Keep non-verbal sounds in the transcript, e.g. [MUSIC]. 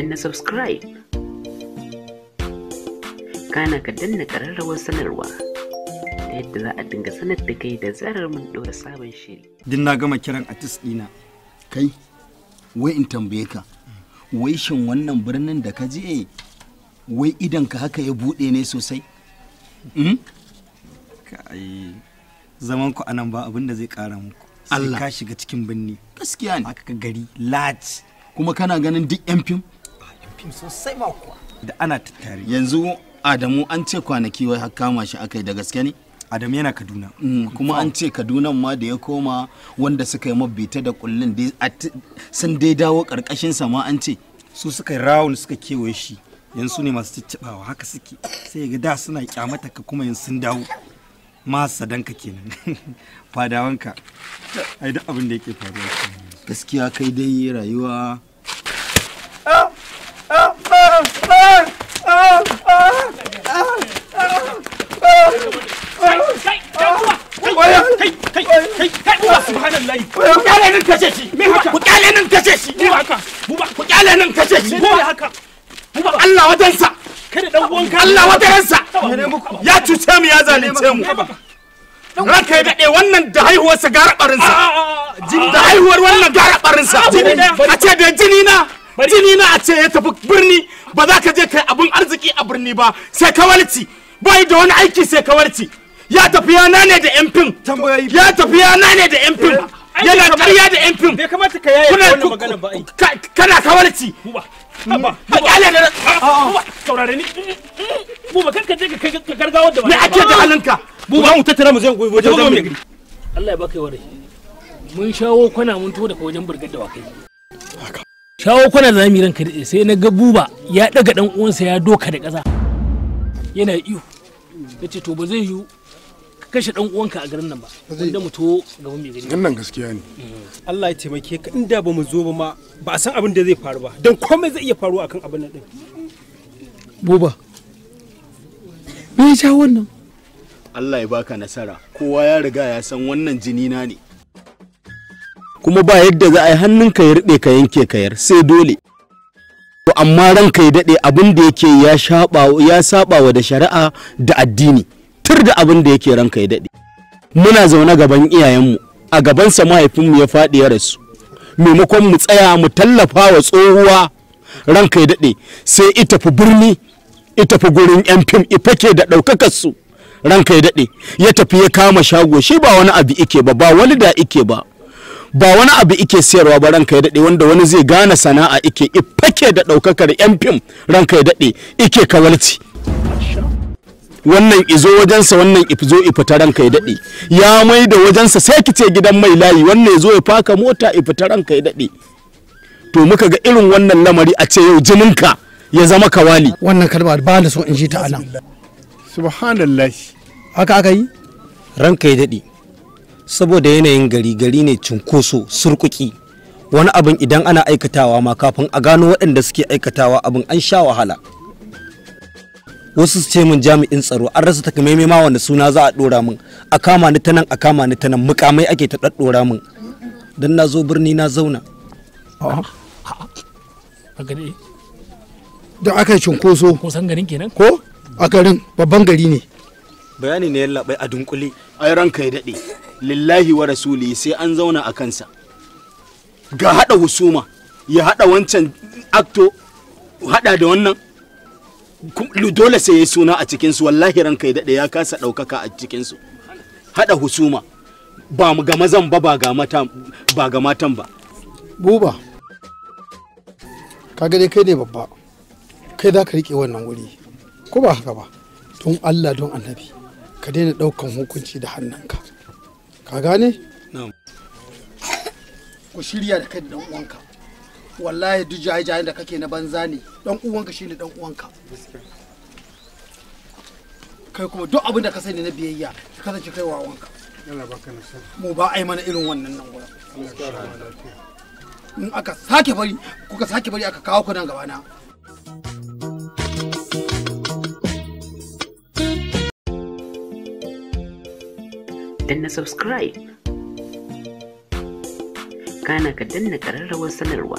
danna subscribe kana ka danna ƙararrawar sanarwa ta yadda za a dinga sanar da kai da zarar mun ɗora sabon shiri din na gama kiran artist ɗina kai wai in tambaye ka wai shin wannan birnin da ka je wai idan ka haka ya buɗe ne sosai hmm? kai zaman ku anan ba abin da zai ƙara muku Allah ka shiga cikin birni gaskiya ne aka gari large kuma kana ganin duk yan fim fim sosai ma kuwa da ana tattare yanzu adamu an ce kwanaki wai har kama shi yi da gaske ne adamu yana kaduna mm, kuma an ce kaduna ma da ya koma wanda suka yi mabita da kullun sun dai dawo karkashin sa ma an ce su suka rawun suka kewaye shi yanzu ne masu ciccibawa haka suke sai ga da suna kyamata ka kuma yanzu sun dawo masa sadanka kenan [LAUGHS] fadawanka ai duk abin da yake faruwa gaskiya kai dai rayuwa kashe shi me haka ku kyale nan kashe shi me haka buba ku kyale nan kashe shi me haka buba Allah wadansa kada dan uwanka Allah wadansa ya cuce mu ya zalunce mu ranka ya daɗe wannan da haihuwar sa gara barinsa ah, ah, ah, da haihuwar wannan gara barinsa a ce da jini na jini na a ce ya tafi birni ba za ka je kai abun arziki a birni ba sai kawalci bai da wani aiki sai kawalci ya tafi yana ne da yan fin ya tafi yana ne da yan fim yana ƙarya da yan fim kana kawalci ba kyale da saurare ni mm, mm, mm. buba kanka je ka gargawar da ba me ake da halinka buba mu tattara mu zai wajen zan mai Allah ya baka yi warai mun shawo kwana mun to daga wajen burgar da wakai shawo kwana da zamu ranka dade sai na ga buba ya daga dan uwansa ya doka da ƙasa yana iyo yace to ba zai yiwu kashe dan uwanka a garin nan ba wanda mu to gaban mun gari wannan gaskiya ne Allah ya taimake ka inda ba mu zo ba ma ba san abin da zai faru ba dan komai zai iya faruwa akan abin nan din boba me ya wannan Allah ya baka nasara kowa ya riga ya san wannan jini na ne kuma ba yadda za a yi hannunka ya rube ka yanke ka yar sai dole to amma ranka ya dade abin da yake ya saba wa da shari'a da addini tur da abin da yake ranka ya daɗe muna zaune gaban iyayenmu a gabansa mahaifinmu ya faɗi ya rasu maimakon mu tsaya mu tallafa wa tsohuwa ranka ya daɗe sai ita fi birni ita fi gurin yan fim ifake da ɗaukakar su ranka ya daɗe ya tafi ya kama shago shi ba wani abu ike ba ba wani da ike ba ba wani abu ike siyarwa ba ranka ya daɗe wanda wani zai gane sana'a ike ifake da ɗaukakar yan fim ranka ya daɗe ike kawalci wannan izo wajensa wannan izo ifita ranka ya daɗe ya mai da wajensa sai ki ce gidan mai layi wannan izo ya faka mota ifita ranka ya daɗe to muka ga irin wannan lamari a ce yau jininka ya zama kawali wannan kalma ba da so in ji ta anan subhanallah haka aka yi ranka ya daɗe saboda yanayin gari gari ne cunkoso surkuki wani abin idan ana aikatawa ma kafin a gano waɗanda suke aikatawa abin an sha wahala wasu su ce min jami'in tsaro an rasa takamaimai ma wanda suna za a dora min a kama ni ta nan a kama ni ta nan mukamai ake ta daddora min dan na zo birni na zauna da aka yi cunkoso kusan garin kenan ko a garin babban gari ne bayani ne yalla bai a dunkule ai ranka ya dade lillahi wa rasuli sai an zauna a kansa ga hada husuma ya hada wancan akto hada da wannan dole sai ya suna a cikinsu wallahi ranka ya daɗe ya kasa ɗaukaka a cikinsu haɗa husuma ba ga mazan ba ba ga matan ba buba kaga dai kai ne babba kai za ka riƙe wannan wuri ko ba haka ba don allah don annabi ka daina ɗaukan hukunci da hannunka ka gane? ku shirya da kai da uwanka wallahi duk jaye-jayen da kake na banza ne dan uwanka shine dan uwanka kai kuma duk abin da ka sani na biyayya ka kasance kai wawanka mu ba ai mana irin wannan nan gurin in aka sake bari kuka sake bari aka kawo ku nan gaba na danna subscribe kana ka danna ƙararrawar sanarwa